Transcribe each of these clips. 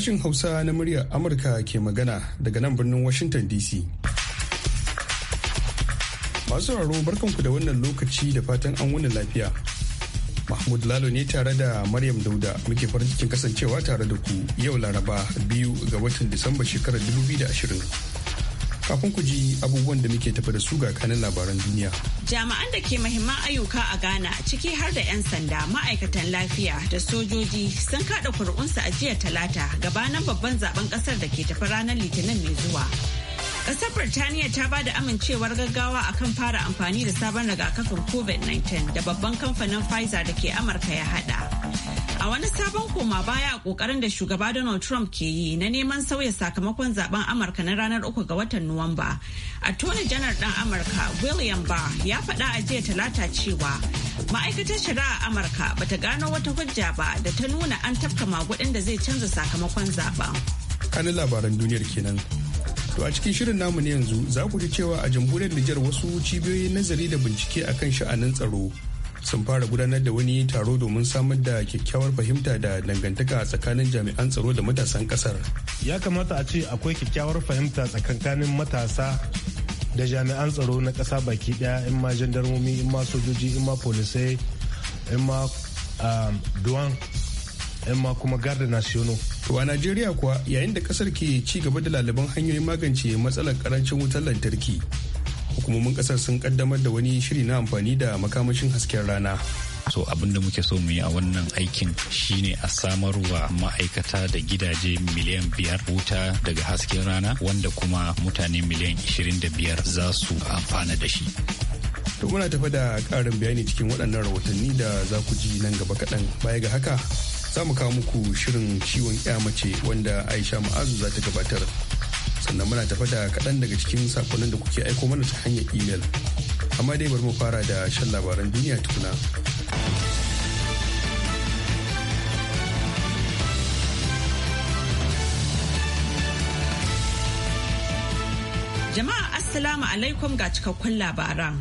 Sashin Hausa na muryar Amurka ke magana daga nan birnin Washington DC. Masu raro barkanku da wannan lokaci da fatan an wuni lafiya. Mahmud Lalo ne tare da Maryam Dauda muke farin cikin kasancewa tare da ku yau Laraba biyu ga watan Disamba shekarar 2020. Kafin ku ji abubuwan da muke tafi da su ga kanin labaran duniya. Jami'an da ke mahimman ayyuka a Ghana ciki har da 'yan sanda, ma'aikatan lafiya da sojoji sun kada kuri'unsu a jiya talata gabanin babban zaben kasar da ke tafi ranar litinin mai zuwa. Kasar Birtaniya ta ba da amincewar gaggawa akan fara amfani da sabon rigakafin COVID-19 da babban kamfanin Pfizer da ke Amurka ya haɗa. A wani sabon koma baya a kokarin da shugaba Donald Trump ke yi na neman sauya sakamakon zaben Amurka na ranar uku ga watan Nuwamba. A Attorney janar ɗan Amurka William Ba ya faɗa a jiya talata cewa ma'aikatar shari'a Amurka bata gano wata hujja ba da ta nuna an tafka magudin da zai canza sakamakon zaben. Kanin labaran duniyar kenan. To a cikin shirin namu ne yanzu za ku ji cewa a jamhuriyar Nijar wasu cibiyoyin nazari da bincike akan sha'anin tsaro sun fara gudanar da wani taro domin samar da kyakkyawar fahimta da dangantaka tsakanin jami'an tsaro da matasan kasar. Ya kamata a ce akwai kyakkyawar fahimta tsakankanin matasa da jami'an tsaro na ƙasa baki ɗaya in ma jandarmomi in ma sojoji in ma polisai in ma um, duwan in ma kuma garda national. To a Najeriya kuwa yayin da ƙasar ke ci gaba da laliban hanyoyin magance matsalar karancin wutar lantarki. hukumomin kasar sun kaddamar da wani shiri na amfani da makamashin hasken rana so abin da muke so mu yi a wannan aikin shine a samarwa ma'aikata da gidaje miliyan biyar wuta daga hasken rana wanda kuma mutane miliyan 25 za su amfana da shi to muna tafa da ƙarin bayani cikin waɗannan rahotanni da za ku ji nan gaba kaɗan baya ga haka za mu kawo muku shirin ciwon mace wanda aisha ma'azu za ta gabatar sannan muna tafa da kaɗan daga cikin sakonnin da kuke aiko mana ta hanyar imel amma dai bari mu fara da shan labaran duniya tukuna jama'a assalamu alaikum ga cikakkun labaran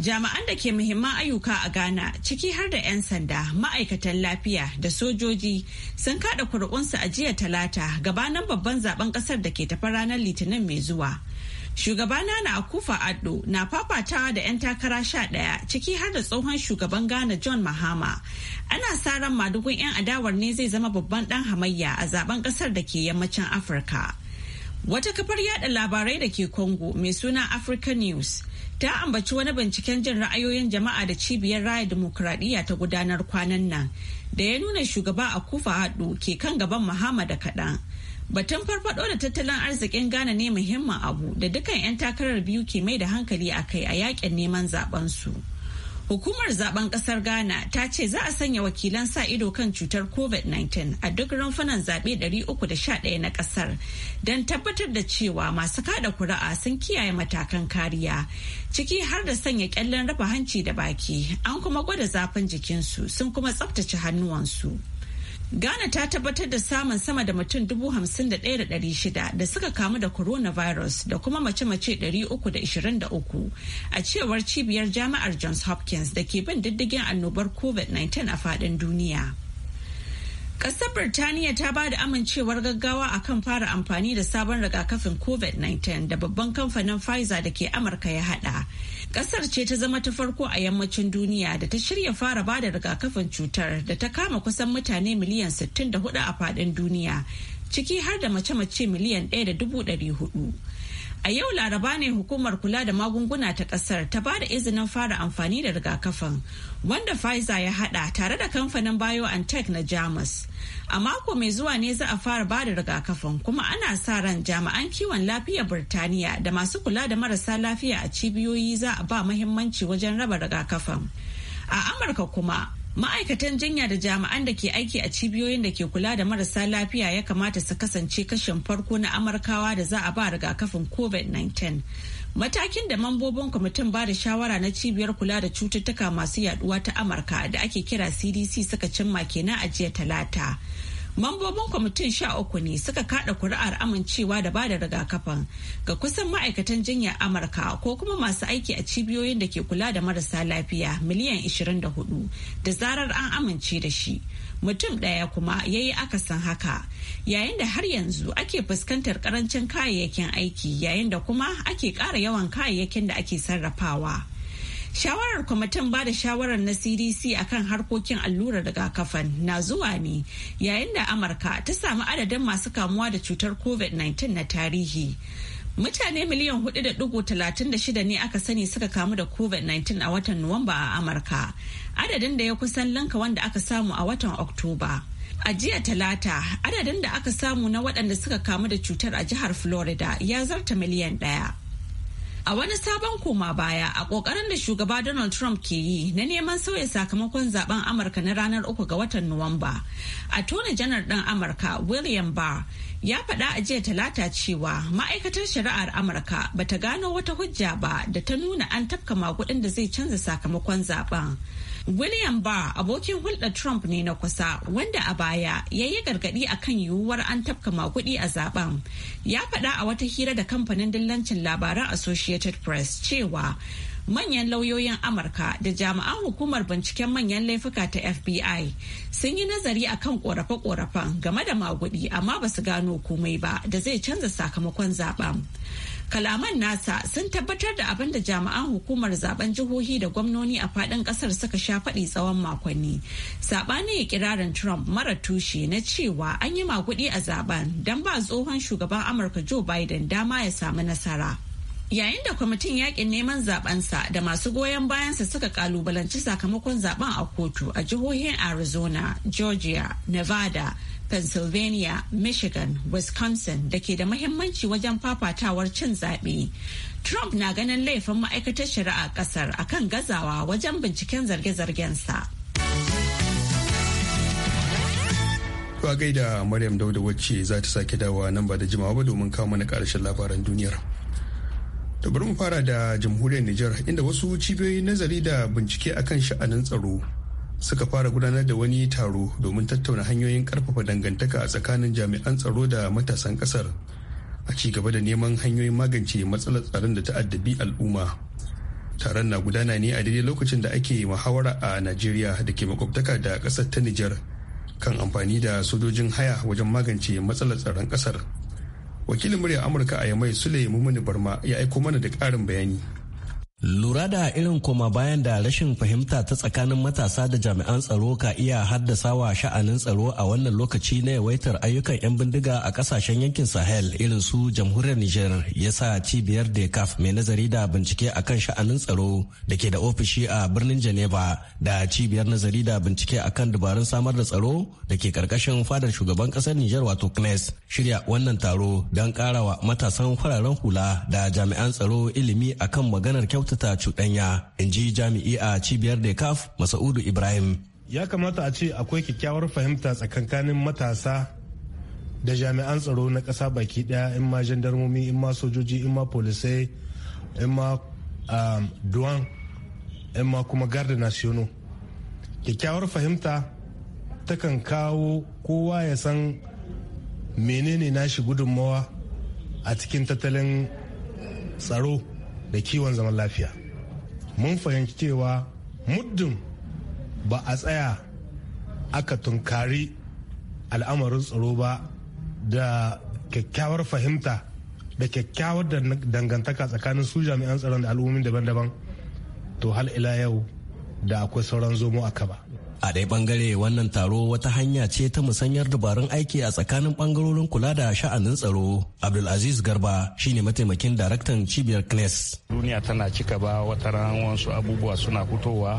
Jami'an da ke muhimman ayyuka a Ghana ciki har da 'yan sanda, ma'aikatan lafiya da sojoji sun kada kuri'unsu a jiya talata gabanin babban zaben kasar da ke tafi ranar litinin mai zuwa. Shugaba na Akufa Addo na fafatawa da 'yan takara sha ɗaya ciki har da tsohon shugaban Ghana John Mahama. Ana sa ran madugun 'yan adawar ne zai zama babban ɗan hamayya a zaben kasar da ke yammacin Afirka. Wata kafar yada labarai da ke Congo mai suna Africa News ta ambaci wani binciken jin ra'ayoyin jama'a da cibiyar raya demokuraɗiyya ta gudanar kwanan nan da ya nuna shugaba a kufa haɗu ke kan gaban muhammad da kaɗan batun farfaɗo da tattalin arzikin ghana ne muhimmin abu da dukkan 'yan takarar biyu ke mai da hankali a kai a yakin neman zaben su. Hukumar zaben kasar Ghana ta ce za a sanya wakilan sa ido kan cutar COVID-19 a duk rumfunan zaɓe 311 na ƙasar don tabbatar da cewa masu kada kuri'a sun kiyaye matakan kariya ciki har da sanya kyallen rufe hanci da baki an kuma gwada zafin jikinsu sun kuma tsabtace hannuwansu. Ghana ta tabbatar da samun sama da mutum dubu hamsin da ɗaya da shida da suka kamu da coronavirus da kuma mace-mace ɗari uku da ishirin uku a cewar cibiyar jami'ar Johns Hopkins da ke bin diddigin annobar COVID-19 a faɗin duniya. Ƙasar Birtaniya ta ba da amincewar gaggawa akan fara amfani da sabon rigakafin COVID-19 da babban kamfanin Pfizer da ke Amurka ya hada. Ƙasar ce ta zama ta farko a yammacin duniya da ta shirya fara ba da rigakafin cutar da ta kama kusan mutane miliyan 64 a faɗin duniya, ciki har da mace-mace miliyan 1.4. A yau laraba ne hukumar kula da magunguna ta kasar ta ba da izinin fara amfani da rigakafin wanda Pfizer ya hada tare da kamfanin BioNTech na Jamus. A mako mai zuwa ne za a fara ba da rigakafin kuma ana sa ran jami'an kiwon lafiya Birtaniya da masu kula da marasa lafiya a cibiyoyi za a ba muhimmanci wajen raba rigakafin. A Amurka kuma ma'aikatan jinya da jami'an da ke aiki a cibiyoyin da ke kula da marasa lafiya ya kamata su kasance kashin farko na amurkawa da za a ba rigakafin covid-19 matakin da mambobin kwamitin ba da shawara na cibiyar kula da cututtuka masu yaduwa ta amurka da ake kira cdc suka cimma kenan a jiya talata Mambobin kwamitin sha uku ne suka kada kuri'ar amincewa da bada rigakafin ga kusan ma'aikatan jinyar Amurka ko kuma masu aiki a cibiyoyin da ke kula da marasa lafiya miliyan 24 da zarar an amince da shi. Mutum ɗaya kuma ya yi akasin haka yayin da har yanzu ake fuskantar karancin kayayyakin aiki yayin da kuma ake ƙara yawan kayayyakin da ake sarrafawa. Shawarar kwamitin ba da shawarar na CDC akan harkokin allurar rigakafan na zuwa ne yayin da Amurka ta samu adadin masu kamuwa da cutar COVID-19 na tarihi. Mutane miliyan 4.36 ne aka sani suka kamu da COVID-19 a watan Nuwamba a Amurka, adadin da ya kusan lanka wanda aka samu a watan Oktoba. A jiya talata, adadin da aka samu na waɗanda suka kamu da cutar a jihar Florida ya zarta miliyan ɗaya. A wani sabon koma baya a kokarin da shugaba Donald Trump ke yi na neman sauya sakamakon zaben Amurka na ranar uku ga watan Nuwamba. A tona janar ɗan Amurka William Barr ya faɗa a jiya talata cewa ma'aikatar shari'ar amurka ba ta gano wata hujja ba da ta nuna an tafka maguɗin da zai canza sakamakon zaben william barr abokin hulɗa trump ne na kusa wanda a baya ya yi gargaɗi a kan yiwuwar an tafka maguɗi a zaben ya faɗa a wata hira da kamfanin dillancin labaran associated press cewa manyan lauyoyin amurka da jami'an hukumar binciken manyan laifuka ta fbi sun yi nazari a kan korafe-korafen game da magudi amma ba su gano komai ba da zai canza sakamakon zaben kalaman nasa sun tabbatar da abin da jami'an hukumar zaben jihohi da gwamnoni a fadin kasar suka sha faɗi tsawon makonni Saɓani ya ƙirarin trump mara tushe na cewa an yi maguɗi a zaben don ba tsohon shugaban amurka joe biden dama ya samu nasara Yayin da kwamitin yakin neman zabensa da masu goyon bayansa suka kalubalanci sakamakon zaben a kotu a jihohin Arizona, Georgia, Nevada, Pennsylvania, Michigan, Wisconsin da ke da mahimmanci wajen fafatawar cin zaɓe. Trump na ganin laifin ma'aikatar shari'a ƙasar akan gazawa wajen binciken zarge-zargensa. Ba gaida Maryam Dauda wacce za ta sake dawa nan ba da jimawa ba domin kawo mana ƙarshen labaran duniyar. da bari mu fara da jamhuriyar Nijar inda wasu cibiyoyi nazari da bincike akan sha'anin tsaro suka fara gudanar da wani taro domin tattauna hanyoyin karfafa dangantaka a tsakanin jami'an tsaro da matasan kasar a ci gaba da neman hanyoyin magance matsalar tsaron da ta'addabi al'umma taron na gudana ne a daidai lokacin da ake muhawara a najeriya da ke makwabtaka da kasar ta nijar kan amfani da sojojin haya wajen magance matsalar tsaron kasar wakilin murya amurka a yamai sule mumuni barma ya aiko mana da ƙarin bayani Lura da irin koma bayan da rashin fahimta ta tsakanin matasa da jami'an tsaro ka iya haddasa wa sha'anin tsaro a wannan lokaci na yawaitar ayyukan 'yan bindiga a kasashen yankin Sahel irin su jamhuriyar Nijar ya sa cibiyar DECAF mai nazari da bincike a kan sha'anin tsaro da ke da ofishi a birnin Geneva da cibiyar nazari da bincike a kan dabarun samar da tsaro da ke karkashin fadar shugaban kasar Nijar wato CNES shirya wannan taro don karawa matasan fararen hula da jami'an tsaro ilimi akan maganar kyauta kyautata cuɗanya in ji jami'i a cibiyar dekaf masa'udu ibrahim ya kamata a ce akwai kyakkyawar fahimta tsakankanin matasa da jami'an tsaro na ƙasa baki ɗaya in ma jandarmomi in ma sojoji in ma polisai in ma um, duwan in ma kuma garda nasiono kyakkyawar fahimta takan kawo kowa ya san menene nashi gudunmawa a cikin tattalin tsaro da kiwon zaman lafiya mun fahimci cewa muddin ba a tsaya aka tunkari al'amarin tsaro ba da kyakkyawar fahimta da kyakkyawar dangantaka tsakanin su jami'an tsaron da al'ummin daban-daban to hal ila yau da akwai sauran zomo a kaba. a dai bangare wannan taro wata hanya ce ta musanyar dabarun aiki a tsakanin bangarorin kula da sha'anin tsaro abdulaziz garba shine mataimakin daraktan cibiyar kles duniya tana cika ba wata ran wasu abubuwa suna fitowa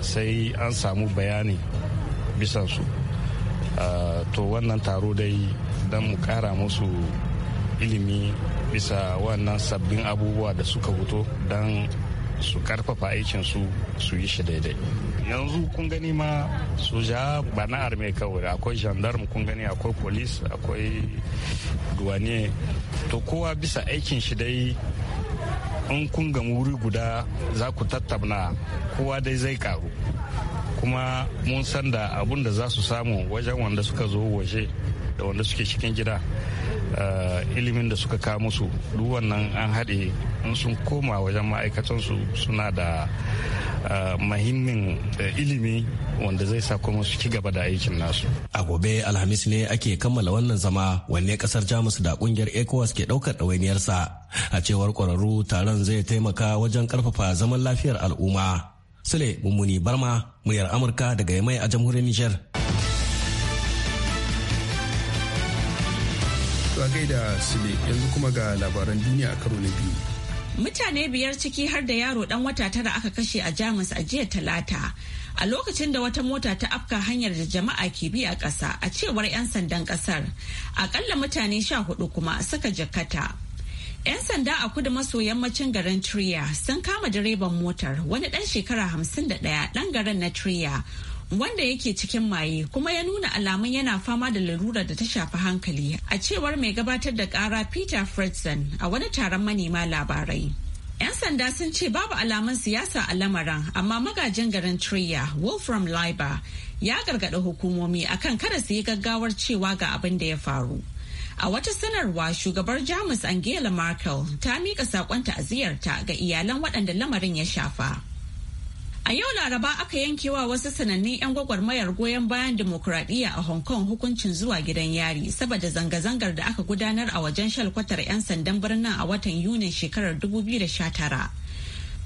sai an samu bayani bisan su to wannan taro dai don mu kara musu ilimi bisa wannan sabbin abubuwa da suka fito don su karfafa aikin su su yi shi daidai yanzu kun gani ma soja ba na arme kawai akwai gendarme kun gani akwai police akwai duwane to kowa bisa aikin shi dai in kun gamu wuri guda za ku tattabna kowa dai zai karu kuma mun san da abun da za su samu wajen wanda suka zo waje da wanda suke cikin gida eh, ilimin da suka kawo musu duk wannan an haɗe in sun koma wajen ma'aikatansu suna da eh, mahimmin eh, ilimi wanda zai sa kuma su ci gaba da aikin nasu. A gobe Alhamis ne ake kammala wannan zama wanne kasar Jamus da kungiyar ECOWAS ke daukar ɗawainiyarsa. A cewar kwararru taron zai taimaka wajen karfafa zaman lafiyar al'umma. Sule Mummuni Barma, muryar Amurka daga Yamai a jamhuriyar Nijar. Tuwa gaida ne yanzu kuma ga labaran duniya a karo na biyu. Mutane biyar ciki har da yaro dan wata tara aka kashe a Jamus a jiya talata. A lokacin da wata mota ta afka hanyar da jama'a ke bi a ƙasa a cewar 'yan sandan ƙasar. aƙalla mutane sha hudu kuma suka jakata. 'Yan sanda a kudu maso yammacin garin Trier sun kama direban motar wani ɗan shekara hamsin da ɗaya ɗan garin na Trier wanda yake cikin maye kuma ya nuna alamun yana fama da larurar da ta shafi hankali a cewar mai gabatar da kara peter fredson a wani taron manema labarai 'yan sanda sun ce babu alamun siyasa a lamarin amma magajin garin triya wolfram liber ya gargada hukumomi akan kada su yi gaggawar cewa ga abin da ya faru A wata sanarwa shugabar Jamus Angela Merkel ta mika saƙon ta'aziyarta ga iyalan waɗanda lamarin ya shafa. A yau Laraba aka yankewa wasu sanannun 'yan gwagwarmayar goyon bayan demokuraɗiyya a Hong Kong hukuncin zuwa gidan yari saboda zanga-zangar da aka gudanar a wajen shalkwatar 'yan sandan birnin a watan Yuni shekarar 2019.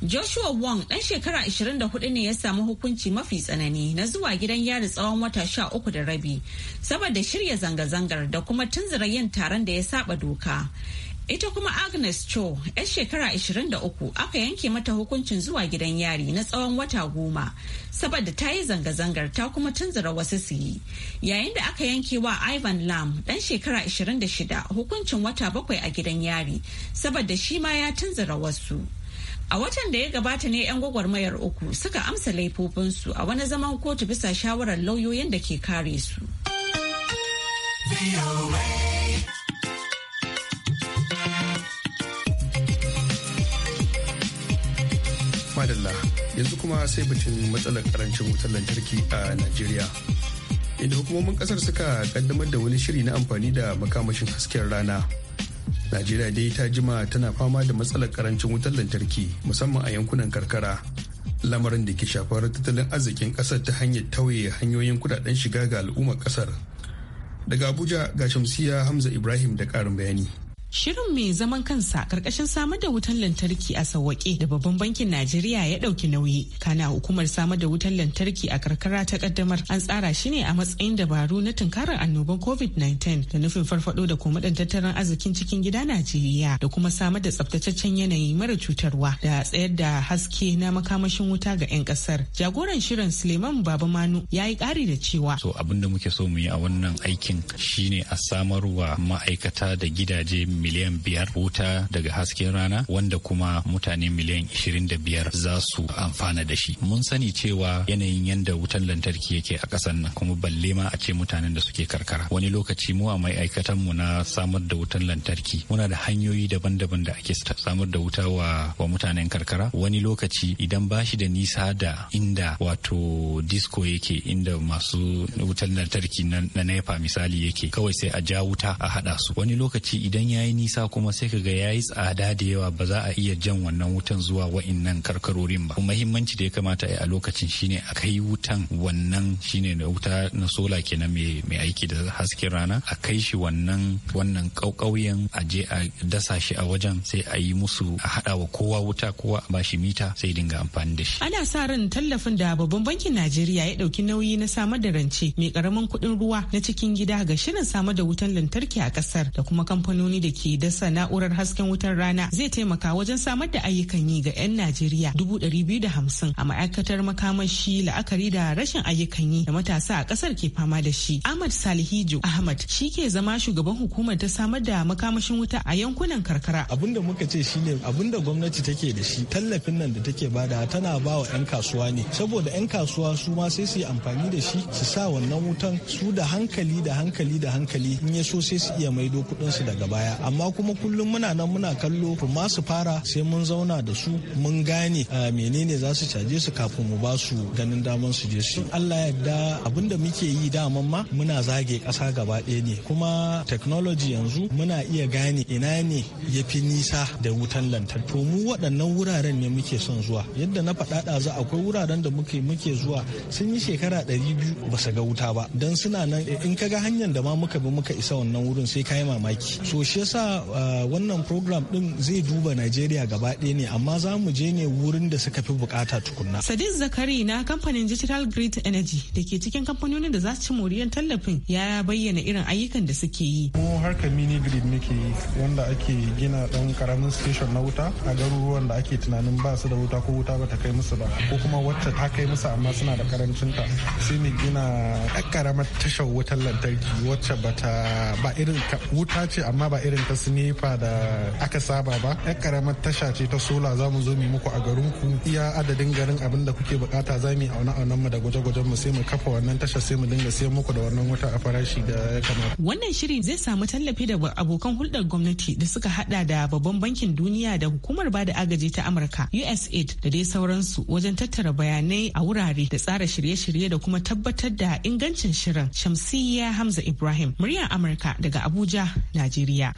Joshua Wong ɗan shekara 24 ne ya samu hukunci mafi tsanani na zuwa gidan yari tsawon wata sha uku da rabi saboda shirya zanga-zangar da kuma tunzura yin taron da ya saba doka. Ita kuma Agnes Cho, 'yar shekara 23, aka yanke mata hukuncin zuwa gidan yari na tsawon wata goma, saboda ta yi zanga-zangar ta kuma tunzura wasu su yi. Yayin da aka yanke wa Ivan Lam, ɗan shekara 26, hukuncin wata bakwai a gidan yari, saboda shi ma ya tunzura wasu. A watan da ya gabata ne 'yan gwagwarmayar uku suka amsa laifofinsu a wani zaman kotu bisa shawarar lauyoyin da ke kare su. fadalla yanzu kuma sai batun matsalar karancin wutar lantarki a Najeriya. Inda hukumomin kasar suka kaddamar da wani shiri na amfani da makamashin hasken rana. Najeriya dai ta jima tana fama da matsalar karancin wutar lantarki musamman a yankunan karkara. Lamarin da ke shafar tattalin arzikin kasar ta hanyar tauye hanyoyin kudaden shiga ga al'ummar kasar. Daga Abuja ga Shamsiya Hamza Ibrahim da ƙarin bayani. Shirin mai zaman kansa karkashin samar da wutan lantarki a sauwaƙe da babban bankin Najeriya ya ɗauki nauyi. Kana hukumar samar da wutan lantarki a karkara ta ƙaddamar. an tsara shi ne a matsayin dabaru na tunkarar annoban COVID-19 da nufin farfado da komaɗin tattalin arzikin cikin gida Najeriya da kuma samar da tsaftataccen yanayi mara cutarwa da tsayar da haske na makamashin wuta ga 'yan ƙasar. Jagoran shirin Suleiman Babamanu ya yi ƙari da cewa. So abin da muke so mu yi a wannan aikin shine a samarwa ma'aikata da gidaje miliyan biyar wuta daga hasken rana wanda kuma mutane miliyan 25 za su amfana da shi mun sani cewa yanayin yadda wutan lantarki yake a kasan nan kuma balle ma a ce mutanen da suke karkara wani lokaci mu a ma'aikatan mu na samar da wutan lantarki muna da hanyoyi daban-daban da ake samar da wuta wa, wa mutanen karkara wani lokaci idan ba shi da nisa da inda wato disco yake inda masu wutan lantarki na, nepa misali yake kawai sai a ja wuta a haɗa su wani lokaci idan ya yi nisa kuma sai ka ga ya yi tsada da yawa ba za a iya jan wannan wutan zuwa wa'innan karkarorin ba muhimmanci da ya kamata a yi a lokacin shine a kai wutan wannan shine da wuta na sola kenan mai aiki da hasken rana a kai shi wannan wannan ƙauyen a je a dasa shi a wajen sai a yi musu a haɗa wa kowa wuta kowa a bashi mita sai dinga amfani da shi ana sa ran tallafin da babban bankin najeriya ya ɗauki nauyi na samar da rance mai ƙaramin kuɗin ruwa na cikin gida ga shirin samar da wutan lantarki a ƙasar da kuma kamfanoni da ke dasa na'urar hasken wutar rana zai taimaka wajen samar da ayyukan yi ga 'yan Najeriya dubu ɗari biyu da hamsin a ma'aikatar makamashi la'akari da rashin ayyukan yi da matasa a kasar ke fama da shi. Ahmad Salihijo Ahmad shi ke zama shugaban hukumar ta samar da makamashin wuta a yankunan karkara. Abin da muka ce shine abin da gwamnati take da shi tallafin nan da take bada tana ba wa 'yan kasuwa ne saboda 'yan kasuwa su ma sai su yi amfani da shi su sa wannan wutan su da hankali da hankali da hankali in ya so sai su iya maido kuɗinsu daga baya amma kuma kullum muna nan muna kallo kuma su fara sai mun zauna da su mun gane ah, menene za su caje su kafin mu ba su ganin daman su je su Allah yarda abin da muke yi daman ma muna zage kasa gaba ɗaya ne kuma technology yanzu muna iya gane ina ne ya nisa da wutan lantarki to mu waɗannan wuraren ne muke son zuwa yadda na faɗa ɗazu akwai wuraren da muke muke zuwa sun yi shekara ɗari biyu ba su ga wuta ba don suna nan in ka ga hanyar da ma muka bi muka isa wannan wurin sai ka yi mamaki so shi sa uh, wannan program din zai duba Najeriya gaba ɗaya ne amma za mu je ne wurin da suka fi bukata tukunna. Sadiq Zakari na kamfanin Digital Grid Energy da ke cikin kamfanonin da za su ci moriyar tallafin ya bayyana irin ayyukan da suke yi. Mu harkar mini grid muke yi wanda ake gina ɗan karamin station na wuta a garuruwan da ake tunanin ba su da wuta ko wuta ba ta kai musu ba ko kuma wacce ta kai musu amma suna da karancin ta sai mu gina karamar tashar wutar lantarki wacce ba ba irin wuta ce amma ba irin ta sinifa da aka saba ba yar karamar tasha ce ta sola za mu zo mu muku a garin ku iya adadin garin abin da kuke bukata za mu yi auna aunan mu da gwaje-gwajen mu sai mu kafa wannan tasha sai mu dinga siyan muku da wannan wuta a farashi da ya kamata wannan shirin zai samu tallafi da abokan hulɗar gwamnati da suka hada da babban bankin duniya da hukumar bada agaji ta amurka usaid da dai sauransu wajen tattara bayanai a wurare da tsara shirye-shirye da kuma tabbatar da ingancin shirin shamsiyya hamza ibrahim muryar amurka daga abuja najeriya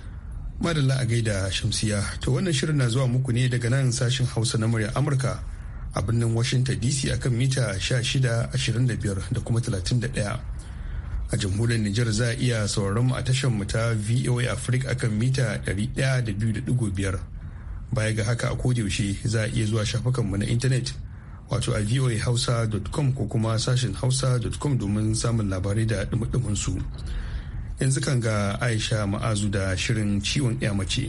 madalla a gaida shamsiya to wannan shirin na zuwa muku ne daga nan sashen hausa na murya amurka a birnin washington dc akan mita 1625 da kuma 31 a jamhuriyar nijar za a iya sauraron mu a tashar mu ta voa africa akan mita 102.5 baya ga haka a yaushe za a iya zuwa shafukan mu na intanet wato a voahausa.com ko kuma sashen hausa.com domin samun labarai da dumudumin su. yanzu kan ga aisha ma'azu da shirin ciwon mace.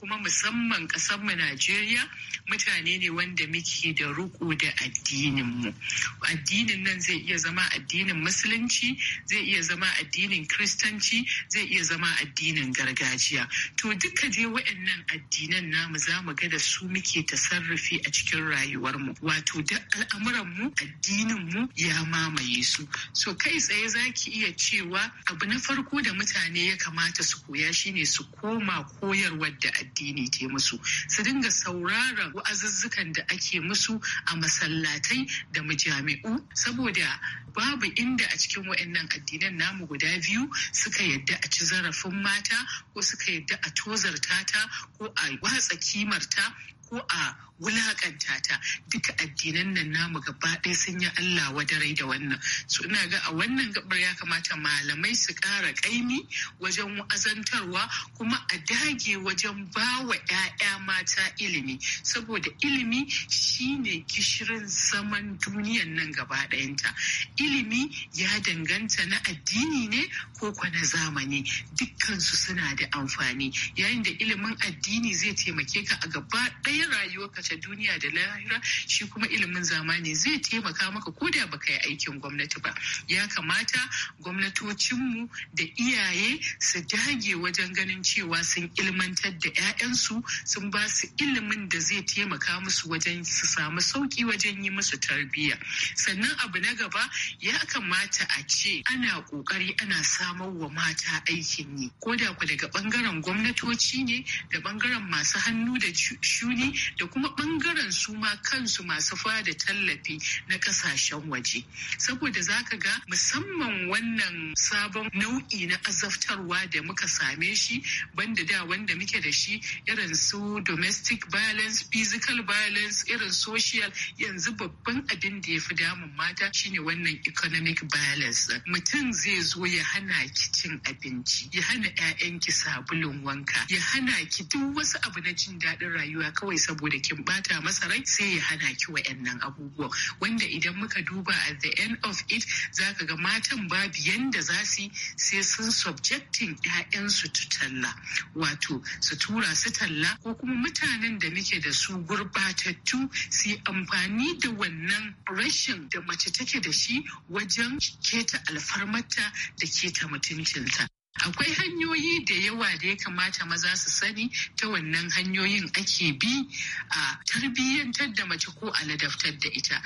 kuma musamman ƙasarmu Najeriya mutane ne wanda muke da ruku da addinin mu addinin nan zai iya zama addinin musulunci zai iya zama addinin kristanci zai iya zama addinin gargajiya to duka je waɗannan addinan namu za mu ga da su muke tasarrufi a cikin rayuwar mu wato duk addinin mu ya mamaye su so kai tsaye zaki iya cewa abu na farko da mutane ya kamata su koya shine su koma koyarwar da addini ke musu su dinga sauraron wa'azuzzukan da ake musu a masallatai da majami'u saboda babu inda a cikin wa'annan addinan namu guda biyu suka yadda a ci zarafin mata ko suka yadda a tozarta ta ko a watsa kimarta ko a wulakanta ta duka addinan nan namu gaba ɗaya sun yi Allah wadarai da wannan so ina ga a wannan gabar ya kamata malamai su ƙara ƙaimi wajen azantarwa kuma a dage wajen bawa wa 'ya'ya mata ilimi saboda ilimi shine gishirin zaman duniyan nan gaba ɗayanta ilimi ya danganta na addini ne ko kwa na zamani dukkansu suna da amfani yayin da ilimin addini zai taimake ka a gaba kayan rayuwarka ta duniya da lahira shi kuma ilimin zamani zai taimaka maka ko da baka yi aikin gwamnati ba ya kamata gwamnatocinmu da iyaye su dage wajen ganin cewa sun ilmantar da 'ya'yansu sun ba su ilimin da zai taimaka musu wajen su samu sauki wajen yi musu tarbiyya sannan abu na gaba ya kamata a ce ana kokari ana samar wa mata aikin yi ko da ku daga bangaren gwamnatoci ne da bangaren masu hannu da shuni yi da kuma bangaren su ma kansu masu fada tallafi na kasashen waje saboda za ka ga musamman wannan sabon nau'i na azaftarwa da muka same shi banda da wanda muke da shi irin su domestic violence physical violence irin social yanzu babban abin da ya fi damun mata shine wannan economic violence mutum zai zo ya hana ki cin abinci ya hana 'ya'yanki sabulun wanka ya hana ki duk wasu abu na jin daɗin rayuwa kawai kawai saboda kin bata masa rai sai ya hana ki wa'annan abubuwan wanda idan muka duba at the end of it za ka ga matan babu yanda za su sai sun subjecting 'ya'yansu to talla wato su tura su talla ko kuma mutanen da muke da su gurbatattu su amfani da wannan rashin da mace take da shi wajen keta alfarmarta da keta mutuncinta. akwai hanyoyi da yawa da ya kamata maza su sani ta wannan hanyoyin ake bi a tarbiyyantar da mace ko a ladabtar da ita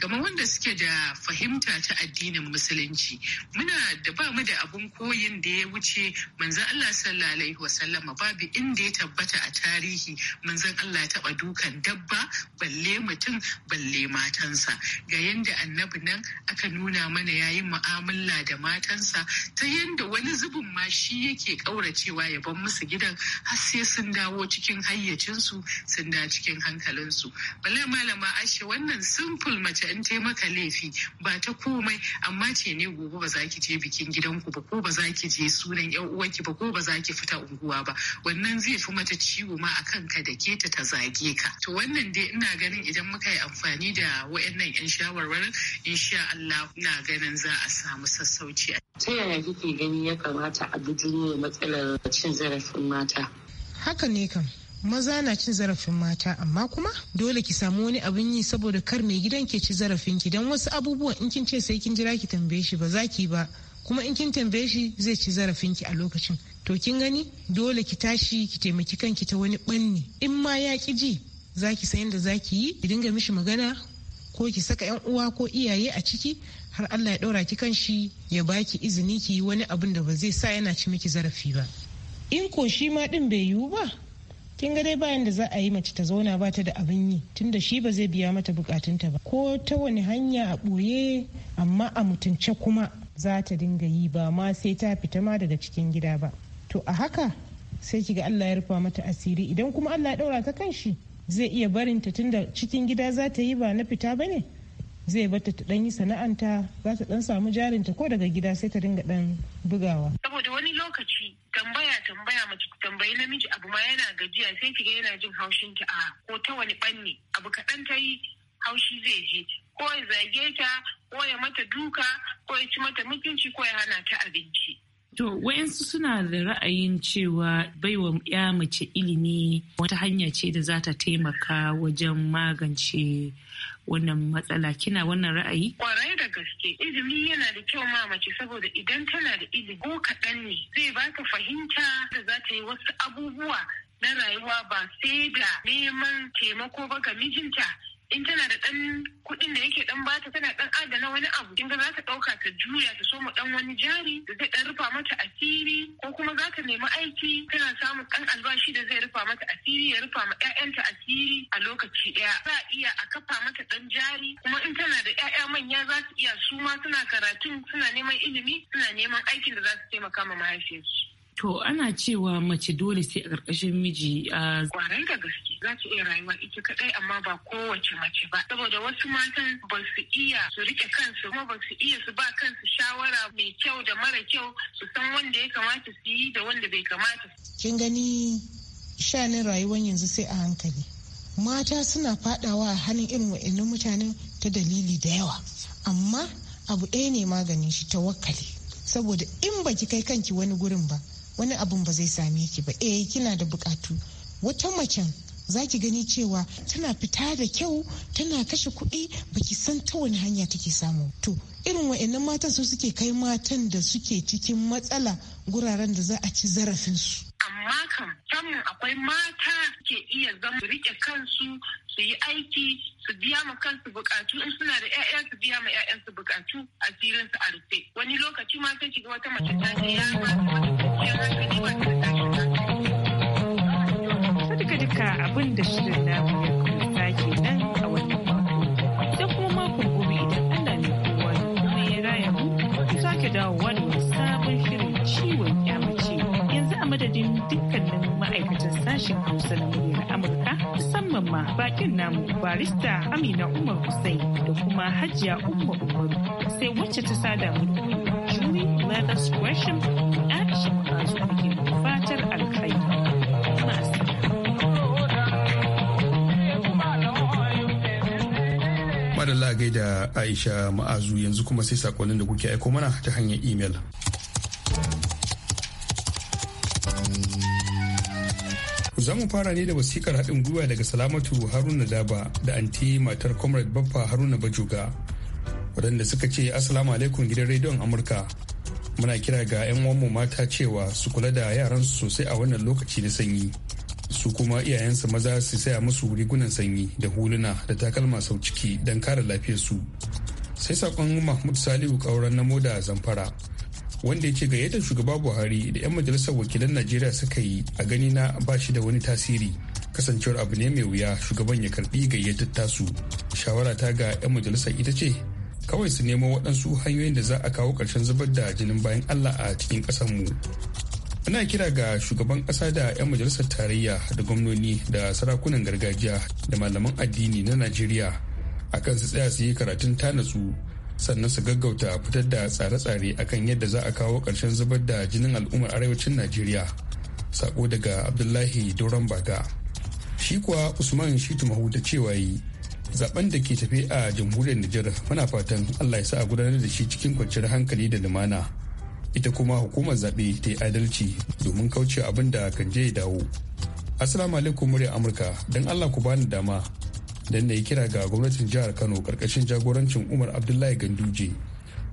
Gama wanda suke da fahimta ta addinin musulunci muna da ba mu da abun koyin da ya wuce manzan Allah sallallahu wasallama babu inda ya tabbata a tarihi manzon Allah ya taba dukan dabba balle mutum balle matansa ga yadda annabi nan aka nuna mana yi mu'amala da matansa ta yadda wani zubin ma shi yake kauracewa ya bar musu gidan har sai sun dawo cikin hayyacinsu sun da cikin hankalinsu. Bala malama ashe wannan simple mace mace in maka laifi ba ta komai amma ce ne gobe ba za ki je bikin gidanku ba ko ba za ki je sunan yan uwanki ba ko ba za ki fita unguwa ba wannan zai fi mata ciwo ma akan ka da ke ta ta zage ka to wannan dai ina ganin idan muka yi amfani da wayannan yan shawarwarin insha Allah ina ganin za a samu sassauci ta yaya kike gani ya kamata a bijiro matsalar cin zarafin mata haka ne kam maza na cin zarafin mata amma kuma dole ki samu wani abin yi saboda kar mai gidan ke ci zarafin ki don wasu abubuwan in kin ce sai kin jira ki tambaye shi ba za ki ba kuma in kin tambaye shi zai ci zarafin ki a lokacin to kin gani dole ki tashi ki taimaki kanki ta wani banni in ma ya ki ji za ki san yadda za ki yi ki dinga mishi magana ko ki saka yan uwa ko iyaye a ciki har Allah ya ɗora ki shi ya baki izini ki yi wani abin da ba zai sa yana ci miki zarafi ba in ko shi ma din bai yiwu ba kin ga dai bayan da za a yi mace ta zauna ba ta da abin yi tunda shi ba zai biya mata bukatunta ba ko ta wani hanya a ɓoye amma a mutunce kuma za ta dinga yi ba ma sai ta fita ma daga cikin gida ba to a haka sai kiga Allah ya rufa mata asiri idan kuma Allah ya daura ta kan shi zai iya barin ta tunda cikin gida za ta yi ba na fita ba ne zai bata ta dan yi sana'anta za ta dan samu jarinta ko daga gida sai ta dinga ɗan bugawa tambayi namiji abu ma yana gajiya sai ga yana jin haushin ki a ko ta wani banne abu kaɗan ta yi haushi zai je ko ya zage ta ko ya mata duka ko ya ci mata mutunci ko ya hana ta abinci. To wayansu suna da ra'ayin cewa baiwa ya mace ilimi wata hanya ce da za ta taimaka wajen magance wannan matsala kina wannan ra'ayi? Kwarai da gaske izini yana da kyau ma mace saboda idan tana da ilimi ko kaɗan ne zai baka fahimta da za ta yi wasu abubuwa na rayuwa ba sai da neman taimako ba ga mijinta in tana da dan kuɗin da yake dan bata tana dan adana wani abu kin ga za ta ɗauka ta juya ta so mu dan wani jari da zai dan rufa mata asiri ko kuma za nemi aiki tana samun dan albashi da zai rufa mata asiri ya rufa ma ƴaƴanta asiri a lokaci ɗaya za iya a kafa mata dan jari kuma in tana da ƴaƴa manya za su iya su ma suna karatun suna neman ilimi suna neman aikin da za su taimaka ma mahaifiyarsu To ana cewa mace dole sai a ƙarƙashin miji a da gaske za su iya rayuwa ita kaɗai amma ba kowace mace ba. Saboda wasu matan ba su iya su rike kansu kuma ba su iya su ba kansu shawara mai kyau da mara kyau su san wanda ya kamata su yi da wanda bai kamata. Kin gani shanin rayuwar yanzu sai a hankali. Mata suna fadawa a hannun irin wa'annan mutanen ta dalili da yawa. Amma abu ɗaya ne maganin shi tawakkali. Saboda in baki kai kanki wani gurin ba, wani abun ba zai same ki ba eh kina da bukatu wata macen za ki gani cewa tana fita da kyau tana kashe kuɗi baki san ta wani hanya take samu to irin wa'annan matan su suke kai matan da suke cikin matsala guraren da za a ci su amma kan samun akwai mata ke iya zama riƙe kansu su yi aiki su biya ma kansu bukatu in suna da 'ya'ya su biya ma 'ya'yansu bukatu a filin su a rufe wani lokaci ma sai shiga wata mace ta ce ya ma wani kwanciyar ta ta duka duka abin da shirin na ya kuma ke nan a wannan mako sai kuma makon gobe idan ana ne kowa ya raya mu sake dawo adadin dukkanin ma'aikatan sashen Hausa na muryar Amurka musamman ma bakin namu barista Amina Umar Hussein da kuma Hajiya umar umar sai wacce ta sada mu Aisha Ma'azu fatar alkhairi. Madalla gaida Aisha Ma'azu yanzu kuma sai saƙonnin da kuke aiko mana ta hanyar imel. Za mu fara ne da wasikar haɗin gwiwa daga Salamatu Haruna Daba da anti matar Comrade Baffa Haruna Bajuga. Waɗanda suka ce asalamu alaikum gidan rediyon Amurka. Muna kira ga 'yan uwanmu mata cewa su kula da yaransu sosai a wannan lokaci na sanyi. Su kuma iyayensa maza su saya musu rigunan sanyi da huluna da takalma sau ciki don kare lafiyarsu. Sai saƙon Mahmud Salihu ƙauren na moda zamfara. wanda ya ce ga yadda shugaba buhari da 'yan majalisar wakilan najeriya suka yi a gani na ba shi da wani tasiri kasancewar abu ne mai wuya shugaban ya karbi gayyatar tasu shawara ta ga 'yan majalisar ita ce kawai su nemo waɗansu hanyoyin da za a kawo ƙarshen zubar da jinin bayan allah a cikin ƙasarmu ana kira ga shugaban ƙasa da 'yan majalisar tarayya da gwamnoni da sarakunan gargajiya da malaman addini na najeriya akan su tsaya su yi karatun ta tanatsu sannan su gaggauta fitar da tsare-tsare akan yadda za a kawo ƙarshen zubar da jinin al'ummar arewacin najeriya sako daga abdullahi doron baga shi kuwa usman shitu mahuta cewa yi zaben da ke tafe a jamhuriyar nijar muna fatan allah ya sa a gudanar da shi cikin kwanciyar hankali da lumana ita kuma hukumar zaɓe ta yi adalci domin kauce abin da kan je ya dawo assalamu alaikum murya amurka don allah ku bani dama don da ya kira ga gwamnatin jihar kano karkashin jagorancin umar abdullahi ganduje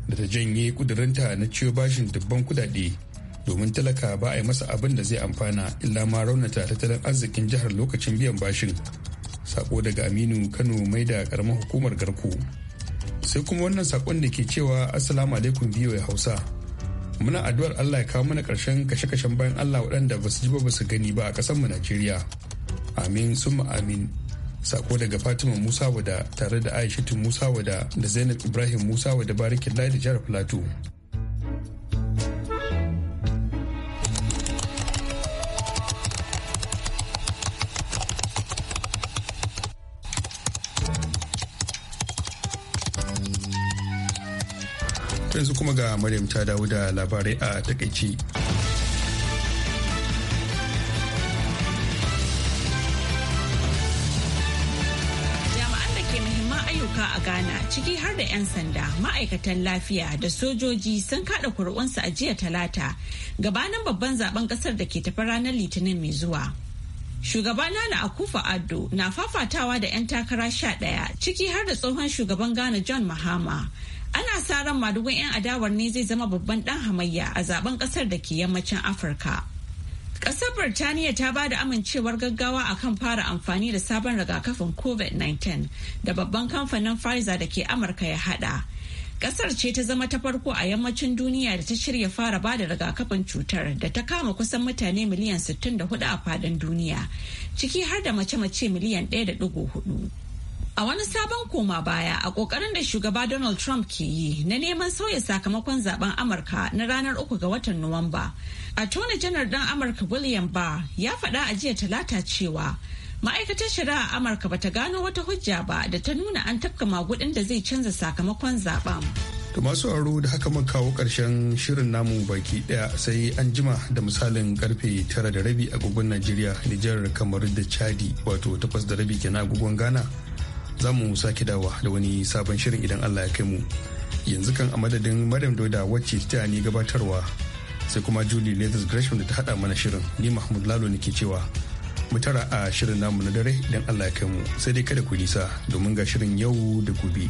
da ta janye kudurinta na ciyo bashin dubban kudade domin talaka ba a yi masa abin da zai amfana illa ma raunata tattalin arzikin jihar lokacin biyan bashin sako daga aminu kano mai da karamar hukumar garko sai kuma wannan sakon da ke cewa assalamu alaikum biyo hausa muna addu'ar allah ya kawo mana karshen kashe-kashen bayan allah waɗanda ba su ji ba su gani ba a ƙasar mu najeriya amin summa amin sako daga fatima musa wada tare da aishatu musa wada da zainab ibrahim musa wada barikin lai da jihar plateau yanzu kuma ga maryam ta dawo da labarai a takaici ciki har da 'yan sanda ma'aikatan lafiya da sojoji sun kada kuri'unsu a jiya talata gabanin babban zaben kasar da ke tafi ranar litinin mai zuwa shugaba nana akufa addo na fafatawa da 'yan takara sha ɗaya ciki har da tsohon shugaban ghana john mahama ana sa ran madugun 'yan adawar ne zai zama babban dan hamayya a zaben kasar da ke yammacin afirka Ƙasar Birtaniya ta ba da amincewar gaggawa a kan fara amfani da sabon rigakafin COVID-19 da babban kamfanin Pfizer da ke Amurka ya hada. Ƙasar ce ta zama ta farko a yammacin duniya da ta shirya fara ba da rigakafin cutar da ta kama kusan mutane miliyan 64 a fadin duniya, ciki har da mace-mace miliyan 1.4. a wani sabon koma baya a kokarin da shugaba donald trump ke yi na neman sauya sakamakon zaben amurka na ranar uku ga watan nuwamba a tona janar dan amurka william barr ya faɗa a jiya talata cewa ma'aikatar shari'a amurka bata gano wata hujja ba da ta nuna an tafka magudin da zai canza sakamakon zaben To masu aro da haka muka kawo karshen shirin namu baki daya sai an jima da misalin karfe tara da rabi agogon Najeriya, Nijar, kamar da Chadi wato 8 da rabi kenan agogon Ghana za mu sake dawa da wani sabon shirin idan allah ya kai mu yanzu kan a madadin maryam dauda wacce ta ni gabatarwa sai kuma julie latest gresham da ta hada mana shirin ni mahmud lalo ne ke cewa mu tara a shirin namu na dare idan allah ya kai mu sai dai kada ku nisa domin ga shirin yau da gobe.